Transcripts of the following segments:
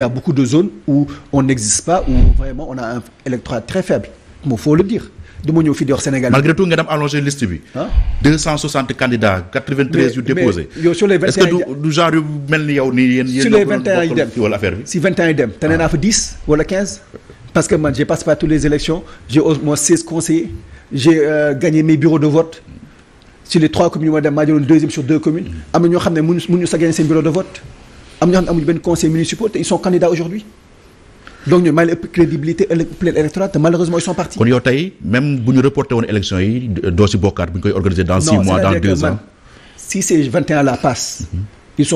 Il y a beaucoup de zones où on n'existe pas où vraiment on a un électorat très faible moo faut le dire du ma ñëw fii di malgré tout nga dem allongé liste bi. candidats 93 yu sur les 21 est-ce que du genre yu mel ni yow nii yéen yéen ñoo ko doon parce que j'ai passé par toutes les élections j'ai au moins 16 conseillers j'ai euh, gagné mes bureaux de vote sur les trois communes yu ma dem maa deuxième sur deux communes am na am ñoo xam benn conseil municipal te ils sont candidats aujourd'hui donc ñun maa ngi ëpp crédibilité plein électorat te malheureusement ils sont partis. kon yow tey même bu ñu reporté woon élection yi doo si bokkaat bu ñu organiser dans six mois dans deux ans si ces 21 là passent mhm. ils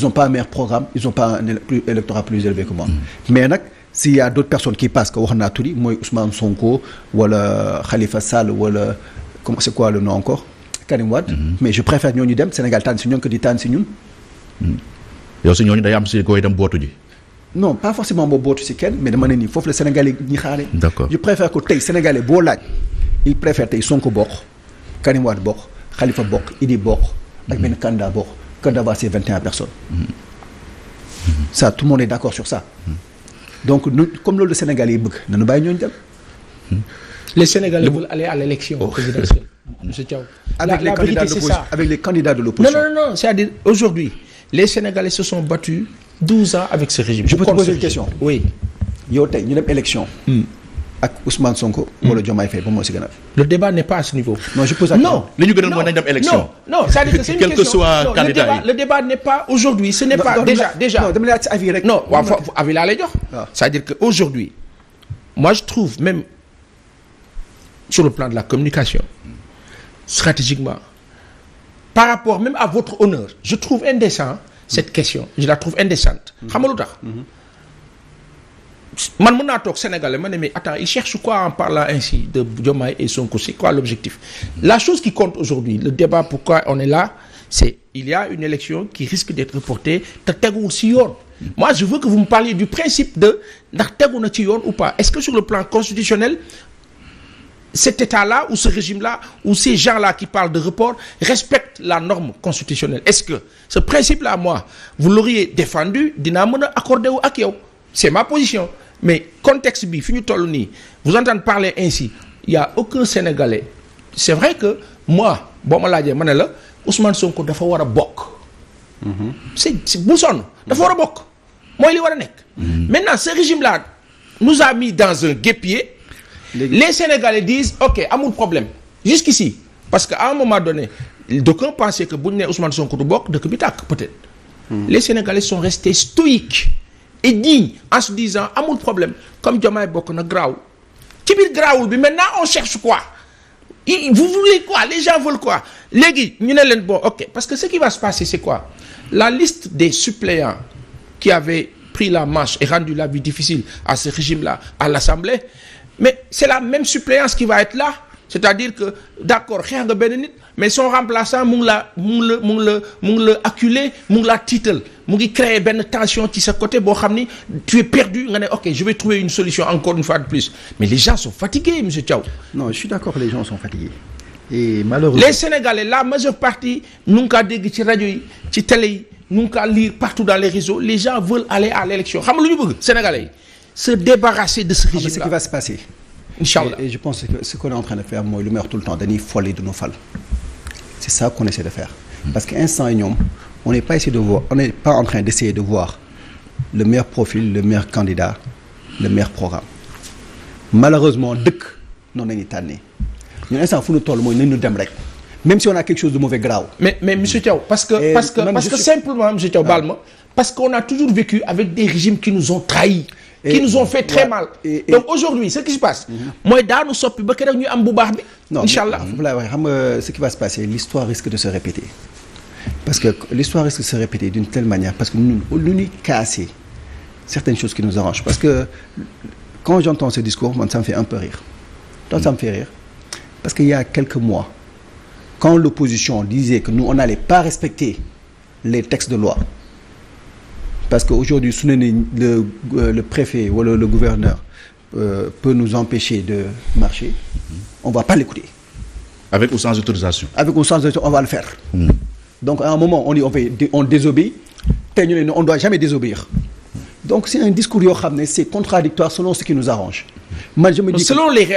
sont pas un meilleur programme ils n'ont pas un électorat plus élevé que moi mhm. mais nag s'il y a d'autres personnes qui passent que wax naa tuddi mooy Ousmane Sonko wala Khalifa Sall wala comment c'est quoi le nom encore Karim Wade mhm. mais je préfère ñooñu dem Sénégal si ñoom yow si ñooñu day am si koy dem bootu ji. non pas forcément boo bootu si kenn mais dama ne nii foofu la sénégalais ñi xaare d'accord je préfère que tey sénégalais boo laaj. il préfère tey Sonko bokk Karim Wade bokk Khalifa bokk Idi ak benn candidat bokk que d'avoir vingt et un personnes. ça tout monde est d'accord sur ça. donc comme loolu la yi bëgg nañu bàyyi ñooñu dem. les sénégalais veulent aller à l'élection oh. présidentielle monsieur Thiaw. avec les avec les candidats de l'opposition les Sénégalais se sont battus 12 ans avec ce régime. je peux te poser ñu dem élection. Hmm. ak Ousmane Sonko. wala Diomaye Faye moo si gën a. le débat n'est pas à ce niveau. non je pose la question. non li ñu gënoon mooy nañ dem élection. le débat n'est pas aujourd'hui ce n'est pas déjà non dama jox. Ah. c'est-à-dire que aujourd'hui moi je trouve la communication stratégiquement. par rapport même à votre honneur je trouve indécent cette question je la trouve indécente xam nga man mën naa toog sénégalais ma ne mais attends il cherche quoi en parlant ainsi de Diomaye et Sonko c'est quoi l'objectif la chose qui compte aujourd'hui le débat pourquoi on est là c'est il y a une élection qui risque d'être reportée te si yoon moi je veux que vous me parliez du principe de ndax tegu na ci yoon ou pas est-ce que sur le plan constitutionnel cet État-là ou ce régime-là ou ces gens-là qui parlent de report respectent la norme constitutionnelle est-ce que ce principe-là moi vous l'auriez défendu dinaa mën a accordé wu ak yow c'est ma position mais contexte bi fi ñu toll nii vous entendre parler ainsi il y a aucun Sénégalais c'est vrai que moi boo ma laajee ma ne la Ousmane Sonko dafa war a bokk. Mhm. c'est c'est dafa war a bokk mooy li war a nekk. Mhm. maintenant ce régime-là nous a mis dans un guêpier. les Sénégalais disent ok amul problème jusqu'ici parce que à un moment donné d'aucuns pensaient que bu ñu nee son Sonko du bokk dëkk bi tàkk peut-être. Mm. les Sénégalais sont restés stoïques et dignes en se disant amul problème comme Diomaye bokk na graawul ci biir graawul bi maintenant on cherche quoi. vous voulez quoi les gens veulent quoi léegi ñu ne leen bon ok parce que ce qui va se passer c'est quoi la liste des suppléants qui avaient pris la marche et rendu la vie difficile à ce régime-là à mais c'est la même suppléance qui va être là c'est-à-dire que d'accord xeex nga benn nit mais son remplaçant mu ngi la mu la mu ngi la mu ngi la acculé mu ngi la tiital mu ngi créer benn tension ci sa côté boo xam ni tu es perdu ne ok je vais trouver une solution encore une fois de plus mais les gens sont fatigués monsieur Thiaw. non je suis d'accord les gens sont fatigués. et malheureusement les Sénégalais la majeure partie ñu ngi kaa dégg ci rajo yi ci télé yi ñu ngi kaa lire partout dans les réseaux les gens veulent xam lu ñu bëgg Sénégalais se débarrasser de ce régime ah, là ce qui va se passer. incha je pense que ce qu'on est en train de faire mooy lu may wax tout le temps dañuy folli du ñu fal. c'est ça qu'on essaie de faire. Hmm. parce que instant yi ñoom on n'est pas ici de voir de voir le meilleur profil le meilleur candidat le meilleur programme malheureusement dëkk noonu la ñuy tànnee ñun instant fu ñu toll mooy nañu dem rek. même si on a quelque chose de mauvais grave. mais monsieur Thiaw parce que. parce qui nous ont fait très mal donc aujourd'hui ce qui se passe mhm. mooy daanu soppi ba keroog ñu am bu baax bi incha allah foofu euh, laay waxee xam nga euh, ce qui va se passer l'histoire risque de se répéter parce que l'histoire risque de se répéter d'une telle manière parce que ñun lu ñuy casser certaines choses qui nous arrangent parce que quand j'entends ce discours man ça me fait un peu rire toi ça me fait rire parce qu'il y a quelques mois quand l'opposition disait que nous on n'allait pas respecter les textes de loi parce que aujourd'hui su ne ni le euh, le préfet wala le gouverneur euh, peut nous empêcher de marcher on va pas l'écouter avec ou sans autorisation avec ou on va le faire hmm. donc à un moment on dit on fait on te ñu ne on doit jamais désobéir donc c'est un discours yoo xam ne c'est contradictoire selon ce qui nous arrange man je me dis